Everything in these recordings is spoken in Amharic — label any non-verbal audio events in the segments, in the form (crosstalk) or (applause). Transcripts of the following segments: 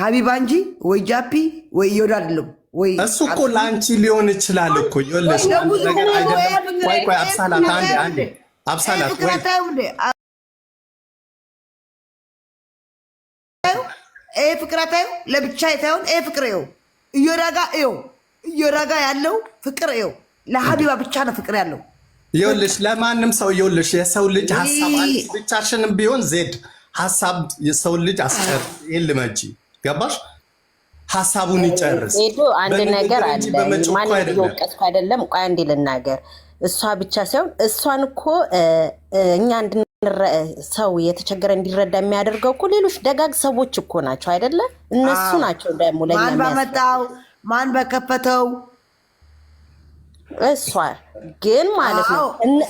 ሀቢባ እንጂ ወይ ጃፒ ወይ እዮዳ አይደለም። እሱ እኮ ለአንቺ ሊሆን ይችላል እኮ ይኸውልሽ፣ ነገር ቆይ ቆይ፣ አብሳላት አንዴ አንዴ፣ አብሳላት ይሄ ፍቅር አታዩ ለብቻ የታየውን ይ ፍቅር ይኸው እዮዳጋ ጋ እዮዳጋ ያለው ፍቅር ይኸው ለሀቢባ ብቻ ነው ፍቅር ያለው። ይኸውልሽ ለማንም ሰው ይኸውልሽ፣ የሰው ልጅ ሀሳብ አንቺ ብቻሽንም ቢሆን ዜድ ሀሳብ የሰው ልጅ አስቀር ይህን ልመጂ ገባሽ? ሀሳቡን ይጨርስ። አንድ ነገር አለ። ማንም እየወቀስኩ አይደለም። ቆይ አንዴ ልናገር። እሷ ብቻ ሳይሆን እሷን እኮ እኛ ሰው የተቸገረ እንዲረዳ የሚያደርገው እኮ ሌሎች ደጋግ ሰዎች እኮ ናቸው አይደለ? እነሱ ናቸው ደግሞ ለማን በመጣው ማን በከፈተው እሷ ግን ማለት ነው።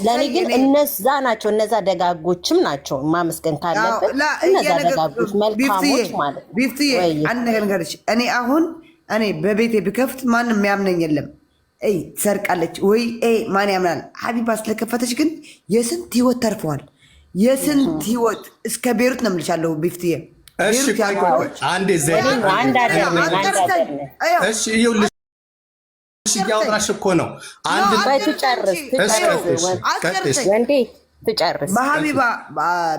ለእኔ ግን እነዛ ናቸው፣ እነዛ ደጋጎችም ናቸው። ማመስገን ካለበት እነዛ ደጋጎች መልካሞች ማለት ነው። ቢፍትዬ አንድ ነገር ንገርሽ። እኔ አሁን እኔ በቤቴ ብከፍት ማንም ያምነኝ የለም። ይ ትሰርቃለች ወይ ማን ያምናል? ሀቢባ ስለከፈተች ግን የስንት ህይወት ተርፈዋል። የስንት ህይወት እስከ ቤሩት ነው የምልሻለሁ ቢፍትዬ እያወራሽ እኮ ነው። አንድ ወንዴ ትጨርስ በሀቢባ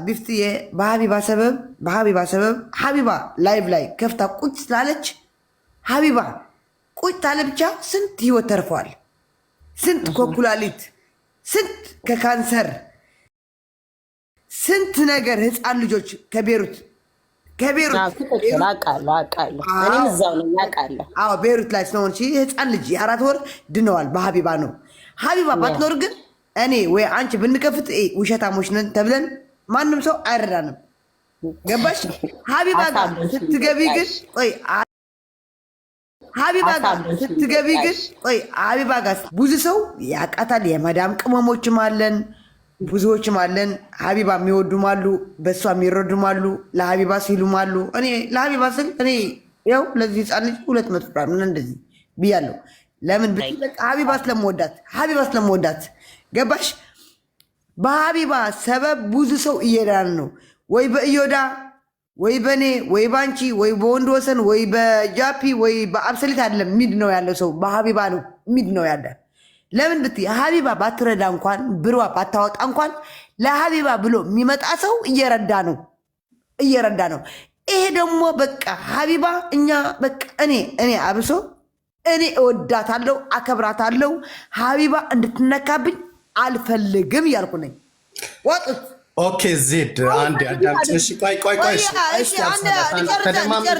ቢፍትዬ በሀቢባ ሰበብ በሀቢባ ሰበብ ሀቢባ ላይቭ ላይ ከፍታ ቁጭ ስላለች ሀቢባ ቁጭ ታለ ብቻ ስንት ህይወት ተርፏል። ስንት ከኩላሊት ስንት ከካንሰር ስንት ነገር ህፃን ልጆች ከቤሩት ከቤሩት ላይ ስለሆነች ህፃን ልጅ የአራት ወር ድነዋል። በሀቢባ ነው። ሀቢባ ባትኖር ግን እኔ ወይ አንቺ ብንከፍት ውሸታሞች ነን ተብለን ማንም ሰው አይረዳንም። ገባሽ? ሀቢባ ጋር ስትገቢ ግን ሀቢባ ጋር ስትገቢ ግን ሀቢባ ጋር ብዙ ሰው ያቃታል። የመዳም ቅመሞችም አለን ብዙዎችም አለን ሀቢባ የሚወዱም አሉ፣ በእሷ የሚረዱም አሉ፣ ለሀቢባ ሲሉም አሉ። እኔ ለሀቢባ ስል እኔ ያው ለዚህ ህፃን ልጅ ሁለት መቶ ብራ ምን እንደዚህ ብያለሁ። ለምን ሀቢባ ስለመወዳት ሀቢባ ስለመወዳት ገባሽ? በሀቢባ ሰበብ ብዙ ሰው እየዳን ነው ወይ በእዮዳ ወይ በእኔ ወይ በአንቺ ወይ በወንድ ወሰን ወይ በጃፒ ወይ በአብሰሊት አይደለም ሚድ ነው ያለው ሰው በሀቢባ ነው ሚድ ነው ያለ ለምን ብት ሀቢባ ባትረዳ እንኳን ብሯ ባታወጣ እንኳን ለሀቢባ ብሎ የሚመጣ ሰው እየረዳ ነው እየረዳ ነው። ይሄ ደግሞ በቃ ሀቢባ እኛ በቃ እኔ እኔ አብሶ እኔ እወዳታለሁ አከብራታለሁ። ሀቢባ እንድትነካብኝ አልፈልግም እያልኩ ነኝ። ወጡት ኦኬ ዜድ አንድ አዳምጭ። ቆይ ቆይ ቆይ ተደማምጡ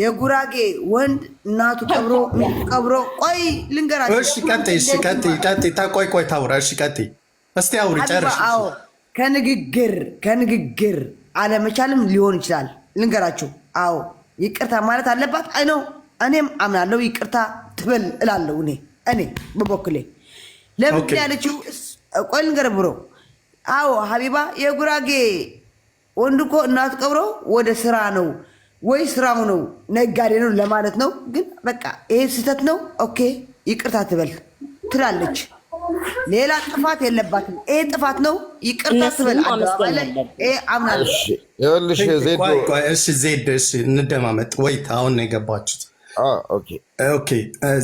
የጉራጌ ወንድ እናቱ ቀብሮ ቀብሮ ቆይ ልንገራቸው። እሺ ቀጥይ፣ እሺ ቀጥይ፣ ቀጥይ። ቆይ ቆይ ታውራ። እሺ ቀጥይ፣ እስቲ አውሪ ጨርሽ። አዎ ከንግግር ከንግግር አለመቻልም ሊሆን ይችላል። ልንገራችሁ። አዎ ይቅርታ ማለት አለባት። አይ ነው እኔም አምናለሁ። ይቅርታ ትበል እላለሁ። እኔ እኔ በበኩሌ ለምን ያለችው ቆይ ልንገር ብሮ። አዎ ሀቢባ የጉራጌ ወንድ እኮ እናቱ ቀብሮ ወደ ስራ ነው ወይ ስራው ነው ነጋዴ ነው ለማለት ነው። ግን በቃ ይህ ስህተት ነው ኦኬ ይቅርታ ትበል ትላለች። ሌላ ጥፋት የለባትም። ይሄ ጥፋት ነው ይቅርታ ትበል። አምናለሁ። ዜድ እንደማመጥ ወይ አሁን ነው የገባችሁት። ኦኬ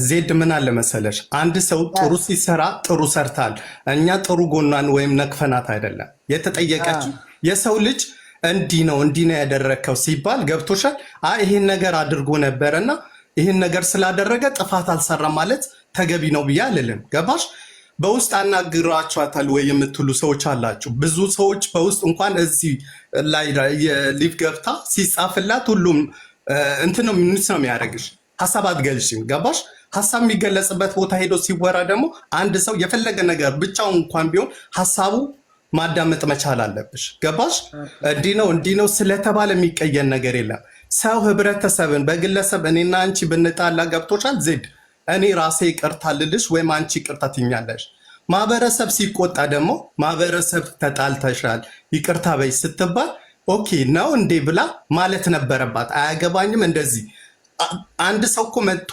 ዜድ ምን አለ መሰለሽ፣ አንድ ሰው ጥሩ ሲሰራ ጥሩ ሰርታል፣ እኛ ጥሩ ጎኗን ወይም ነክፈናት አይደለም የተጠየቀችው የሰው ልጅ እንዲህ ነው እንዲህ ነው ያደረግከው ሲባል ገብቶሻል። አይ ይሄን ነገር አድርጎ ነበር እና ይህን ነገር ስላደረገ ጥፋት አልሰራም ማለት ተገቢ ነው ብዬ አልልም። ገባሽ? በውስጥ አናግራችኋታል ወይ የምትሉ ሰዎች አላችሁ። ብዙ ሰዎች በውስጥ እንኳን እዚህ ላይ ሊቭ ገብታ ሲጻፍላት ሁሉም እንትን ነው የሚያደርግሽ ሀሳብ አትገልሽም። ገባሽ? ሀሳብ የሚገለጽበት ቦታ ሄዶ ሲወራ ደግሞ አንድ ሰው የፈለገ ነገር ብቻውን እንኳን ቢሆን ሀሳቡ ማዳመጥ መቻል አለብሽ። ገባሽ? እንዲህ ነው እንዲህ ነው ስለተባለ የሚቀየን ነገር የለም። ሰው ህብረተሰብን በግለሰብ እኔና አንቺ ብንጣላ ገብቶሻል ዜድ፣ እኔ ራሴ ይቅርታ ልልሽ ወይም አንቺ ይቅርታ ትኛለሽ። ማህበረሰብ ሲቆጣ ደግሞ ማህበረሰብ ተጣልተሻል ይቅርታ በይ ስትባል ኦኬ ነው እንዴ ብላ ማለት ነበረባት። አያገባኝም እንደዚህ አንድ ሰው እኮ መጥቶ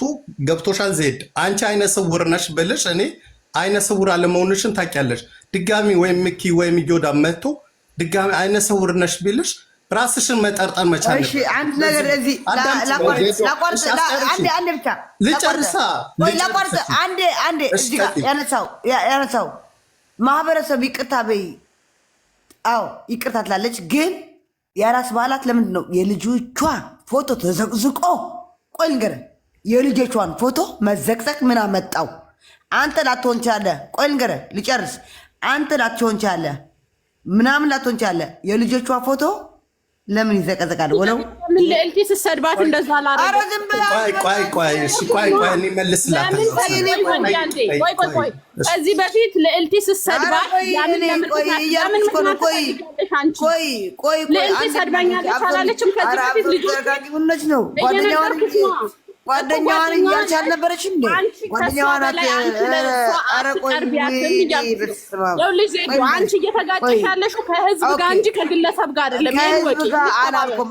ገብቶሻል ዜድ፣ አንቺ አይነ ስውር ነሽ ብልሽ እኔ አይነ ስውር አለመሆንሽን ታውቂያለሽ። ድጋሚ ወይም ምኪ ወይም እዮዳ መጥቶ ድጋሚ አይነ ስውር ነሽ ቢልሽ ራስሽን መጠርጠር መቻል። እሺ አንድ ነገር እዚህ ላቋርጥ፣ አንዴ ብቻ ልጨርሳ፣ ላቋርጥ፣ አንዴ አንዴ። እዚህ ጋር ያነሳው ያነሳው ማህበረሰብ ይቅርታ በይ፣ አዎ ይቅርታ ትላለች። ግን የራስ በዓላት ለምንድን ነው የልጆቿ ፎቶ ተዘቅዝቆ? ቆይ ንገረን፣ የልጆቿን ፎቶ መዘቅዘቅ ምን አመጣው? አንተ ላትሆን ቻለ። ቆይ ንገረን ልጨርስ። አንተ ላትሆን ቻለ ምናምን ላትሆን ቻለ። የልጆቿ ፎቶ ለምን ይዘቀዘቃል? ወለው ምን ለእልቲ እንደዛ ላረግ። ቆይ ቆይ ቆይ ቆይ ቆይ ቆይ ቆይ ቆይ እዚህ በፊት ለእልቲ ስሰድባት ቆይ ቆይ ቆይ ነው ጓደኛዋን እያልሽ አልነበረች እንዴ? ጓደኛዋን አንቺ እየተጋጨሽ ያለሽው ከህዝብ ጋር እንጂ ከግለሰብ ጋር አይደለም።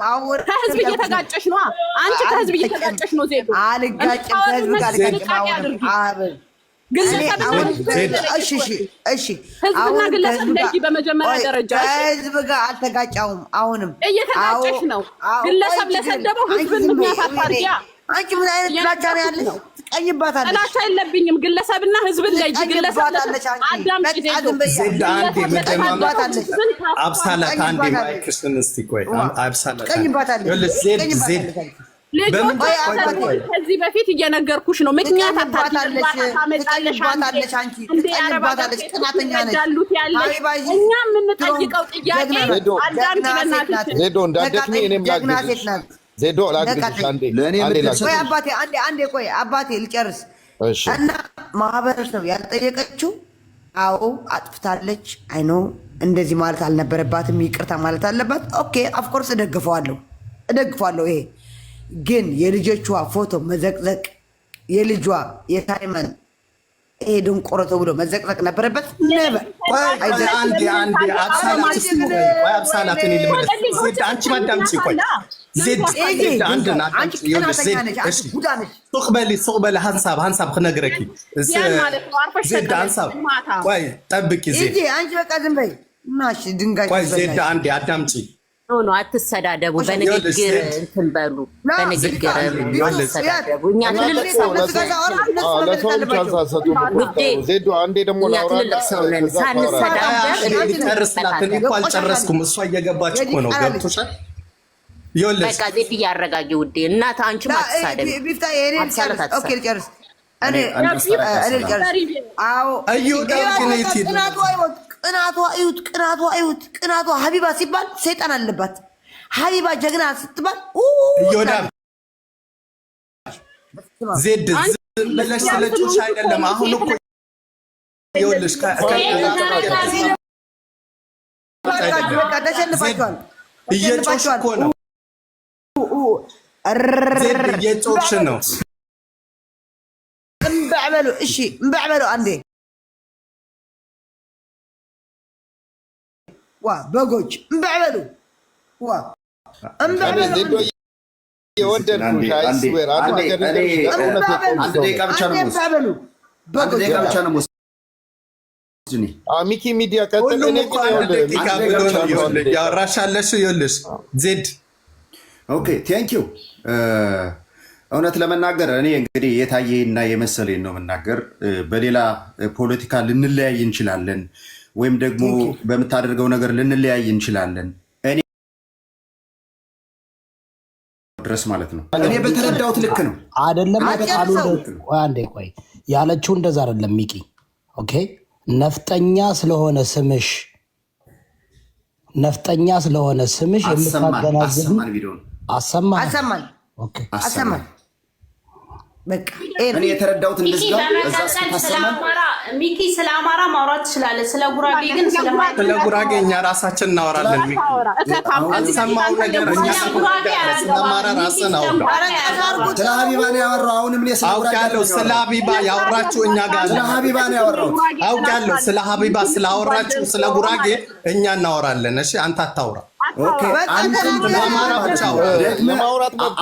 ከህዝብ እየተጋጨሽ ነው። አንቺ ከህዝብ እየተጋጨሽ ነው። ዜጎ አልጋጭም ከህዝብ ጋር ህዝብና ግለሰብ እንደዚህ በመጀመሪያ ደረጃ ህዝብ ጋር አልተጋጫውም። አሁንም እየተጋጨሽ ነው። ግለሰብ ለሰደበው ህዝብን ምክንያት አንቺ ምን አይነት ጥላቻ ነው ያለሽ? ትቀይባታለሽ። ጥላቻ የለብኝም። ግለሰብና ህዝብን ላይ ግለሰብ ከዚህ በፊት እየነገርኩሽ ነው። ምክንያት አታጣለሽ። አንቺ ነሽ። እኛ የምንጠይቀው ጥያቄ አዳም ሄዶ እንዳትደክሚ እኔም ላግዝሽ ዜዶ አንዴ ቆይ አባቴ ልጨርስ እና ማህበረሰብ ያልጠየቀችው። አዎ አጥፍታለች። አይኖ እንደዚህ ማለት አልነበረባትም፣ ይቅርታ ማለት አለባት። ኦኬ እደግፈዋለሁ እደግፈዋለሁ። ይሄ ግን የልጆቿ ፎቶ መዘቅዘቅ የልጇ የታይመን ይሄ ድንቆሮ ብሎ መዘቅዘቅ ነበረበት። ሱቅ በሊ ሱቅ በሊ ክነግረኪ ዜድ ሃንሳብ ጠብቂ ዜድ አንቺ በቃ ዝም በይ ድንጋይ ዜድ አንዴ አዳምጪ ኖ አትሰዳደቡ፣ በንግግር እንትን በሉ፣ በንግግር እኛ ትልልቅ አንዴ ደግሞ ትልልቅ ሳንሰዳደብ አልጨረስኩም። እሷ እየገባች እኮ ነው። ገብቶሻል? በቃ ዜድ እያረጋጊ ውዴ። እናት አንቺም አትሳደቢ። ቅናቷ እዩት፣ ቅናቷ እዩት፣ ቅናቷ ሀቢባ ሲባል ሰይጣን አለባት። ሀቢባ ጀግና ስትባል ዜድ ብለሽ ስለጮሽ አይደለም። አሁን እኮ ይኸውልሽ ተሸንፋችኋል፣ እየጮሽ እኮ ነው፣ እየጮሽ ነው። እምበዕ እሺ እምበዕ አንዴ ዋ በጎች ዋ ሚኪ ሚዲያ ይኸውልሽ፣ ዜድ ኦኬ እውነት ለመናገር እኔ እንግዲህ እና የመሰለኝ ነው የምናገር። በሌላ ፖለቲካ ልንለያይ እንችላለን። ወይም ደግሞ በምታደርገው ነገር ልንለያይ እንችላለን ድረስ ማለት ነው። እኔ በተረዳሁት ልክ ነው አይደለም። በቃሉ አንዴ ቆይ ያለችው እንደዛ አይደለም ሚቂ። ኦኬ ነፍጠኛ ስለሆነ ስምሽ ነፍጠኛ ስለሆነ ስምሽ የምታገናዝብ አሰማን አሰማን እኔ የተረዳሁት እንደዚህ ሚኪ ስለ አማራ ማውራት ትችላለህ። ስለ ጉራጌ ግን ስለ ጉራጌ እኛ ራሳችን እናወራለን። ሚኪ ስለ ሀቢባ ያወራው። አሁንም እኔ ስለ ስለ ሀቢባ ያወራችሁ እኛ ጋር ስለ ሀቢባ ነው ያወራሁት አውቃለሁ። ስለ ሀቢባ ስላወራችሁ ስለ ጉራጌ እኛ እናወራለን። እሺ አንተ አታውራ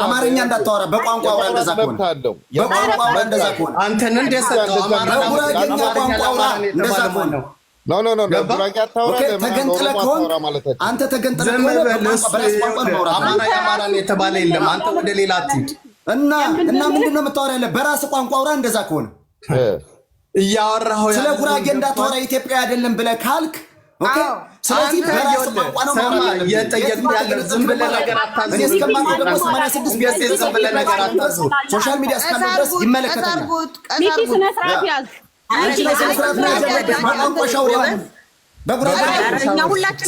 አማርኛ እንዳታወራ በቋንቋ ቋንቋ እንደዛ አንተ የተባለ የለም። አንተ ወደ ሌላ እና እና ምንድን ነው የምታወራ? ያለ በራስ ቋንቋ አውራ። እንደዛ ከሆነ ስለ ጉራጌ እንዳታወራ ኢትዮጵያ አይደለም ብለህ ካልክ ስለዚህ በራሱ ቋንቋ ነው እየጠየቅን ያለ ዝም ብለህ ነገር አታዙ። እስከማውቀው ደግሞ ሰማንያ ስድስት ገጽ ዝም ብለህ ነገር አታዙ። ሶሻል ሚዲያ እስካለ ድረስ ይመለከተናል።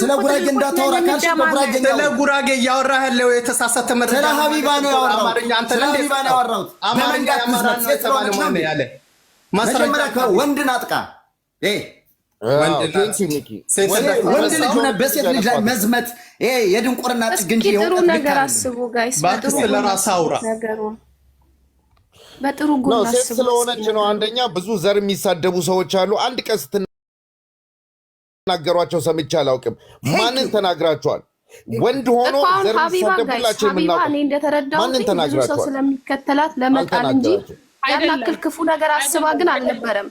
ስለ ጉራጌ እንዳታወራ ያለው የተሳሳተ መረጃ ስለ ሀቢባ ነው ያወራሁት። ስለ ወንድን አጥቃ ወንድ ልጅ ላይ መዝመት የድንቁርና ጥግ ጥሩ ነገር አስቡ። ጋይስ ለራስ አውራ በጥሩ ጉድ ሴት ስለሆነች ነው። አንደኛ ብዙ ዘር የሚሳደቡ ሰዎች አሉ። አንድ ቀን ስትናገሯቸው ሰምቼ አላውቅም። ማንን ተናግራቸዋል? ወንድ ሆኖ ዘር የሚሳደቡላቸው የምናውቀው ማንን ተናግራቸዋል? ስለሚከተላት ለመጣል እንጂ ያናክል ክፉ ነገር አስባ ግን አልነበረም።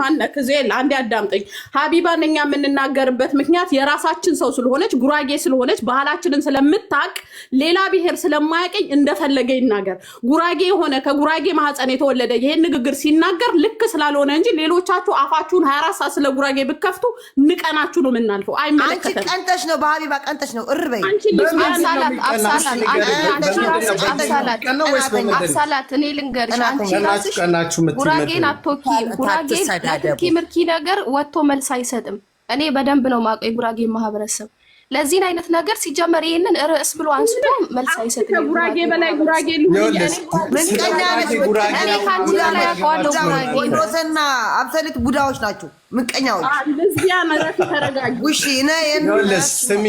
ማነክ ዙል አንዴ አዳምጠኝ። ሀቢባን እኛ የምንናገርበት ምክንያት የራሳችን ሰው ስለሆነች ጉራጌ ስለሆነች ባህላችንን ስለምታቅ ሌላ ብሔር ስለማያቀኝ እንደፈለገ ይናገር። ጉራጌ የሆነ ከጉራጌ ማህፀን የተወለደ ይሄን ንግግር ሲናገር ልክ ስላልሆነ እንጂ ሌሎቻችሁ አፋችሁን ሀያ አራት ሰዓት ስለ ጉራጌ ብከፍቱ ንቀናችሁ ነው የምናልፈው። አይመለከተን። አንቺ ነው በሀቢባ ቀንተሽ ነው። እርበይ እር በይ። አብሳላት አብሳላት አሳላት እኔ ልንገርሽ፣ አንቺ አቶኪ ጉራጌን አትወኪም። ምርኪ ነገር ወጥቶ መልስ አይሰጥም። እኔ በደንብ ነው የማውቀው የጉራጌ ማህበረሰብ ለዚህን አይነት ነገር ሲጀመር ይህንን ርዕስ ብሎ አንስቶ መልስ አይሰጥ። ጉራጌ በላይ ጉራጌ ሉዘና አብሶሉት ቡዳዎች ናቸው፣ ምቀኛዎች። ስሚ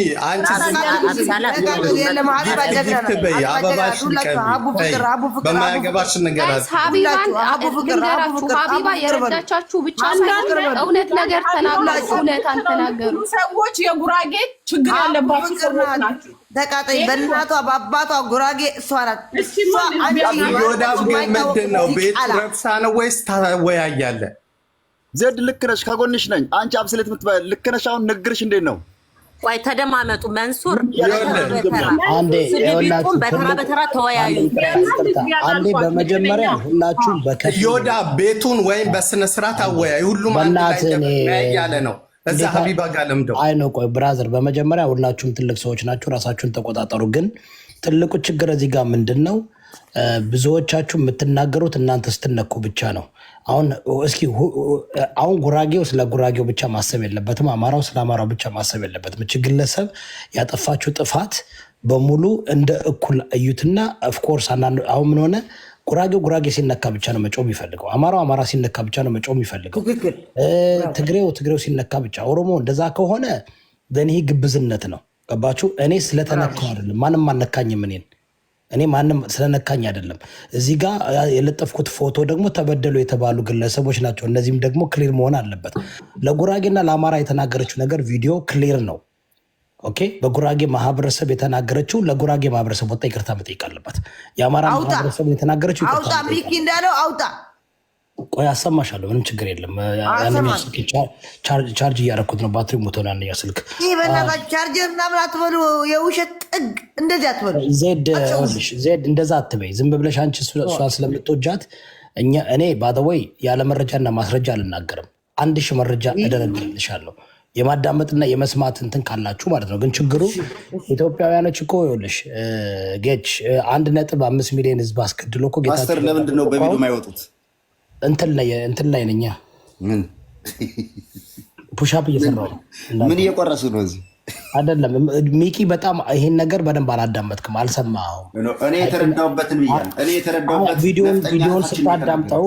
በማያገባችን ነገር ሀቢባ የረዳቻችሁ ብቻ ሳይሆን እውነት ነገር ተናግራ እውነት አልተናገሩ ሰዎች የጉራጌ ችግር ያለባችሁ በእናቷ በአባቷ ጉራጌ እሷ ናት። ዮዳብ ግን ምንድን ነው ቤት ነው ወይስ ታወያያለህ? ዘድ ልክ ነሽ፣ ከጎንሽ ነኝ። አንቺ አብስሌት የምትባይ ልክ ነሽ። አሁን ንግርሽ እንዴት ነው? ቆይ ተደማመጡ። መንሱር በተራ በተራ ተወያዩ። አንዴ በመጀመሪያ ሁላችሁም ቤቱን ወይም በስነስርዓት አወያዩ። ሁሉም አንድ ላይ ያለ ነው እዛ ሀቢባ ጋር ለምደው። አይ ነው ቆይ ብራዘር፣ በመጀመሪያ ሁላችሁም ትልቅ ሰዎች ናችሁ፣ ራሳችሁን ተቆጣጠሩ። ግን ትልቁ ችግር እዚህ ጋር ምንድን ነው? ብዙዎቻችሁ የምትናገሩት እናንተ ስትነኩ ብቻ ነው። አሁን እስኪ አሁን ጉራጌው ስለ ጉራጌው ብቻ ማሰብ የለበትም፣ አማራው ስለ አማራው ብቻ ማሰብ የለበትም። እች ግለሰብ ያጠፋችው ጥፋት በሙሉ እንደ እኩል እዩትና ኦፍኮርስ አሁን ምን ሆነ ጉራጌው ጉራጌ ሲነካ ብቻ ነው መጮ የሚፈልገው። አማራው አማራ ሲነካ ብቻ ነው መጮ የሚፈልገው። ትግሬው ትግሬው ሲነካ ብቻ፣ ኦሮሞ እንደዛ ከሆነ ይህ ግብዝነት ነው። ገባችሁ? እኔ ስለተነካው አይደለም ማንም አነካኝም። እኔን እኔ ማንም ስለነካኝ አይደለም። እዚህ ጋ የለጠፍኩት ፎቶ ደግሞ ተበደሉ የተባሉ ግለሰቦች ናቸው። እነዚህም ደግሞ ክሊር መሆን አለበት። ለጉራጌና ለአማራ የተናገረችው ነገር ቪዲዮ ክሊር ነው። ኦኬ በጉራጌ ማህበረሰብ የተናገረችው ለጉራጌ ማህበረሰብ ወጣ ይቅርታ መጠየቅ አለባት። የአማራ ማህበረሰብ የተናገረችው አውጣ ሚኪ እንዳለው አውጣ። ቆይ አሰማሻለሁ፣ ምንም ችግር የለም። ቻርጅ እያደረኩት ነው፣ ባትሪ ሞቶ ያንኛ ስልክ ቻርጀር ምናምን አትበሉ፣ የውሸት ጥግ እንደዚህ አትበሉ። ዜድ እንደዛ አትበይ፣ ዝም ብለሽ አንቺ እሷን ስለምትወጃት እኔ ባደወይ ያለ መረጃና ማስረጃ አልናገርም። አንድ ሺህ መረጃ እደረድርልሻለሁ የማዳመጥና የመስማት እንትን ካላችሁ ማለት ነው። ግን ችግሩ ኢትዮጵያውያኖች እኮ ይኸውልሽ ጌች አንድ ነጥብ አምስት ሚሊዮን ህዝብ አስገድሎ እኮ ጌታቸው ለምንድን ነው በሚሉ የማይወጡት? እንትን ላይ እንትን ላይ ነኝ ፑሻፕ እየሰራሁ ነው። ምን እየቆረሱ ነው እዚህ አይደለም ሚኪ፣ በጣም ይሄን ነገር በደንብ አላዳመጥክም፣ አልሰማኸውም። እኔ የተረዳሁበትን እኔ የተረዳሁበት ቪዲዮን ስታዳምጠው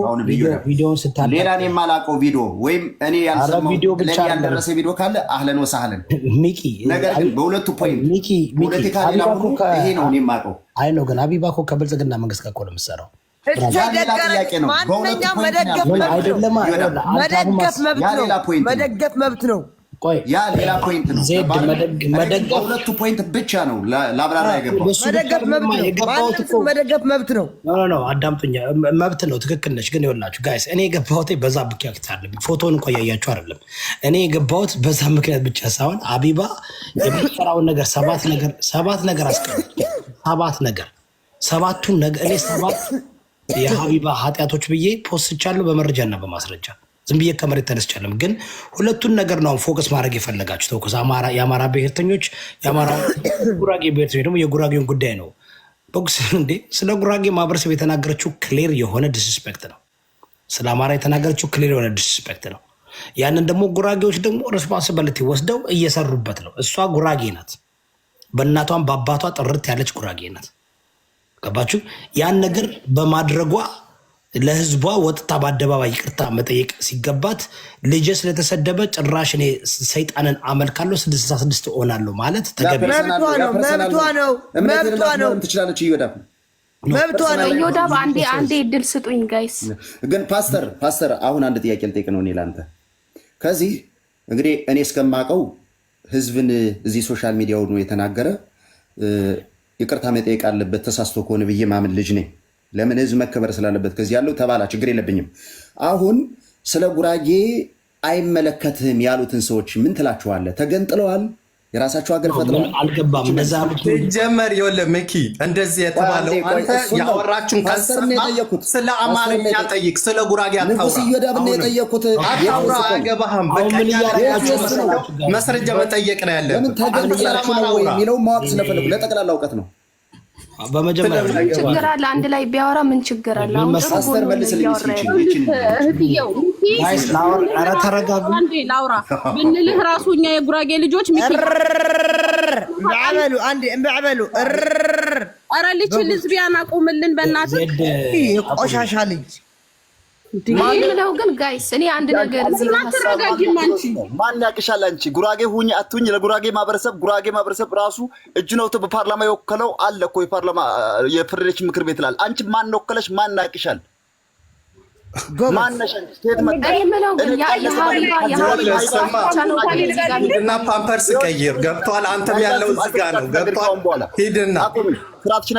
ቪዲዮን ስታዳምጠው ሌላ እኔ የማላውቀው ቪዲዮ ወይም እኔ ያልሰማሁት ብቻ ያልደረሰ ቪዲዮ ካለ አህለን ወሳህለን (laughs) ሚኪ። ነገር ግን በሁለቱ ፖይንት ሚኪ ፖለቲካ ሁሉ ይሄ ነው እኔ የማውቀው። አይ ነው ግን አቢባ እኮ ከብልጽግና መንግስት ጋር እኮ ነው የምትሰራው። ማንኛውም መደገፍ መብት ነው። መደገፍ መብት ነው። ያ ሌላ ፖይንት ነው። ሁለቱ ፖይንት ብቻ ነው ለአብራራ መደገፍ መብት ነው። አዳምጡኛ፣ መብት ነው። ትክክል ነች። ግን ይኸውላችሁ ጋይስ፣ እኔ የገባሁት በዛ ምክንያት አለብኝ። ፎቶን እንኳ እያያችሁ አይደለም። እኔ የገባሁት በዛ ምክንያት ብቻ ሳይሆን አቢባ የምትሰራውን ነገር ሰባት ነገር ሰባት ነገር አስቀምጥ ሰባት ነገር ሰባቱን ነገር እኔ ሰባት የሀቢባ ኃጢአቶች ብዬ ፖስት ቻለሁ በመረጃና በማስረጃ ዝም ብዬ ከመሬት ተነስቻለም። ግን ሁለቱን ነገር ነው ፎከስ ማድረግ የፈለጋችሁ ተኮስ የአማራ ብሔርተኞች (coughs) ጉራጌ ብሔርተኞች ደግሞ የጉራጌውን ጉዳይ ነው። ቦክስ (coughs) እንዴ ስለ ጉራጌ ማህበረሰብ የተናገረችው ክሌር የሆነ ዲስስፔክት ነው። ስለ አማራ የተናገረችው ክሌር የሆነ ዲስስፔክት ነው። ያንን ደግሞ ጉራጌዎች ደግሞ ሬስፖንሲቢሊቲ ወስደው እየሰሩበት ነው። እሷ ጉራጌ ናት። በእናቷም በአባቷ ጥርት ያለች ጉራጌ ናት። ገባችሁ? ያን ነገር በማድረጓ ለህዝቧ ወጥታ በአደባባይ ይቅርታ መጠየቅ ሲገባት ልጄ ስለተሰደበ ጭራሽ እኔ ሰይጣንን አመልካለሁ ስድስት ስድስት እሆናለሁ ማለት ተገቢ መብቷ ነው። መብቷ አንዴ አንዴ እድል ስጡኝ ጋይስ። ግን ፓስተር ፓስተር አሁን አንድ ጥያቄ ልጠይቅ ነው እኔ ላንተ። ከዚህ እንግዲህ እኔ እስከማውቀው ህዝብን እዚህ ሶሻል ሚዲያው ነው የተናገረ ይቅርታ መጠየቅ አለበት ተሳስቶ ከሆነ ብዬ ማምን ልጅ ነኝ ለምን ህዝብ መከበር ስላለበት ከዚህ ያለው ተባላ ችግር የለብኝም። አሁን ስለ ጉራጌ አይመለከትህም ያሉትን ሰዎች ምን ትላችኋለህ? ተገንጥለዋል። የራሳቸው ሀገር ፈጥረዋል። አልገባም። እነዛ ጀመር የወለ መኪ እንደዚህ የተባለው አንተ ያወራችሁን ካሰማ ስለ አማርኛ ጠይቅ፣ ስለ ጉራጌ አታውራ። እየዳብና የጠየኩት አታውራ፣ አያገባህም። በቀኛያቸው መስረጃ መጠየቅ ነው ያለ። ለምን ተገንጥላችሁ ነው የሚለው ማወቅ ስለፈለጉ ለጠቅላላ እውቀት ነው። በመጀመሪያ አንድ ላይ ቢያወራ ምን ችግር አለ? አሁን መሳሰር መልስልኝ ላውራ ብንልህ ራሱ እኛ የጉራጌ ልጆች በሉ አንዴ በሉ ኧረ ልጅ ልዝቢያን አቁምልን በእናትህ ቆሻሻ ልጅ ምለው ግን ጋይስ እኔ አንድ ነገር ማን ያቅሻል? አንቺ ጉራጌ ሁኝ አትሁኝ ለጉራጌ ማህበረሰብ ጉራጌ ማህበረሰብ ራሱ እጅ ነው በፓርላማ የወከለው አለ እኮ የፓርላማ የፌዴሬሽን ምክር ቤት ላል አንቺ ማን ወከለሽ? ማን ያቅሻል? ሂድና ፓምፐርስ ቀይር። ገብቷል። አንተም ያለው ዝጋ ነው። ገብቷል። ሂድና ስራትሽን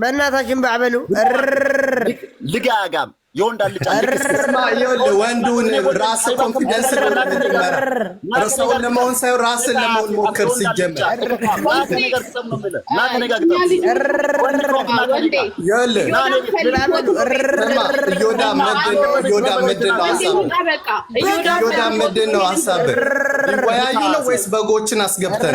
በእናታችን ባዕበሉ ልጋጋም የወንድ አልጫ ወንዱን ራስ ኮንፊደንስ ሰውን ለመሆን ሳይሆን ራስን ለመሆን ሞክር። ሲጀመር ምንድን ነው ሀሳብ? ይወያዩ ነው ወይስ በጎችን አስገብተን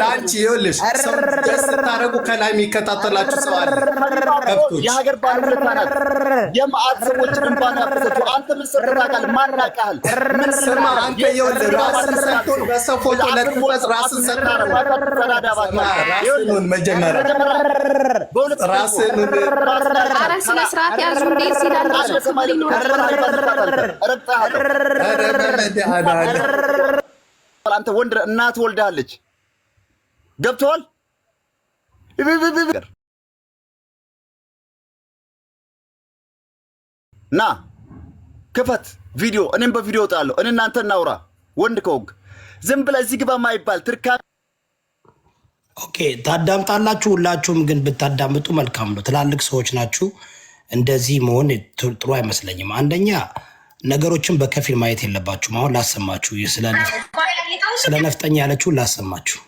ለአንቺ ይኸውልሽ ስታደርጉ ከላይ የሚከታተላችሁ ሰው አለ። ከብቶች የሀገር ባለውለታ ናት። ሰዎች አንተ ምን ማን ስማ አንተ ይኸውልህ ራስን በሰው ፎቶ ለጥፈት ራስን መጀመሪያ ራስን ስነ ስርዓት ያዙ እንዴ አንተ ወንድ እናት ወልዳለች። ገብተዋል። ና ክፈት ቪዲዮ፣ እኔም በቪዲዮ እወጣለሁ። እኔ እናንተ እናውራ። ወንድ ከወግ ዝም ብለህ እዚህ ግባ ማይባል ትርካ ኦኬ፣ ታዳምጣላችሁ። ሁላችሁም ግን ብታዳምጡ መልካም ነው። ትላልቅ ሰዎች ናችሁ። እንደዚህ መሆን ጥሩ አይመስለኝም። አንደኛ ነገሮችን በከፊል ማየት የለባችሁም። አሁን ላሰማችሁ፣ ስለ ነፍጠኛ ያለችውን ላሰማችሁ።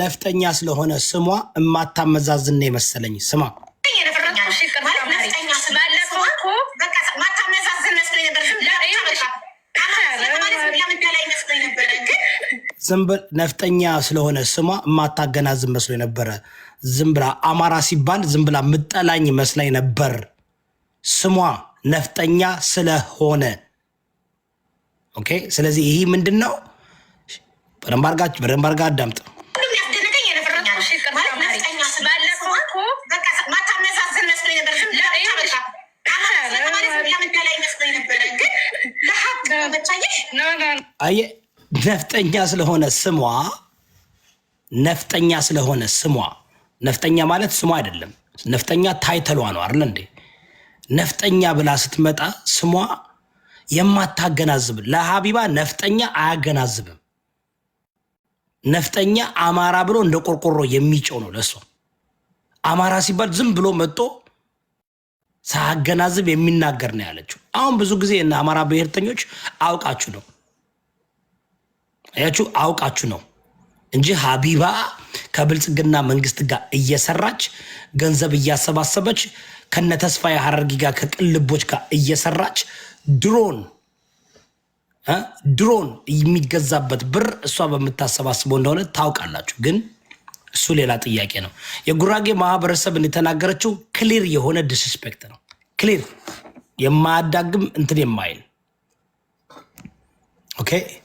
ነፍጠኛ ስለሆነ ስሟ እማታመዛዝን የመሰለኝ። ስማ ዝም ብል ነፍጠኛ ስለሆነ ስሟ እማታገናዝን መስሎ የነበረ ዝምብላ አማራ ሲባል ዝምብላ ምጠላኝ መስላኝ ነበር ስሟ ነፍጠኛ ስለሆነ። ኦኬ። ስለዚህ ይህ ምንድን ነው? በደንብ አድርጋችሁ በደንብ አድርጋ አዳምጥ። ነፍጠኛ ስለሆነ ስሟ ነፍጠኛ ስለሆነ ስሟ ነፍጠኛ ማለት ስሟ አይደለም። ነፍጠኛ ታይተሏ ነው አለ እንዴ? ነፍጠኛ ብላ ስትመጣ ስሟ የማታገናዝብ ለሀቢባ ነፍጠኛ አያገናዝብም። ነፍጠኛ አማራ ብሎ እንደ ቆርቆሮ የሚጨው ነው ለሷ። አማራ ሲባል ዝም ብሎ መጥቶ ሳያገናዝብ የሚናገር ነው ያለችው። አሁን ብዙ ጊዜ እና አማራ ብሔርተኞች አውቃችሁ ነው ያችሁ አውቃችሁ ነው እንጂ ሀቢባ ከብልጽግና መንግስት ጋር እየሰራች ገንዘብ እያሰባሰበች ተስፋ የሀረርጊ ጋር ከቅልቦች ጋር እየሰራች ድሮን ድሮን የሚገዛበት ብር እሷ በምታሰባስበው እንደሆነ ታውቃላችሁ። ግን እሱ ሌላ ጥያቄ ነው። የጉራጌ ማህበረሰብን የተናገረችው ክሊር የሆነ ዲስስፔክት ነው። ክሊር የማያዳግም እንትን የማይል ኦኬ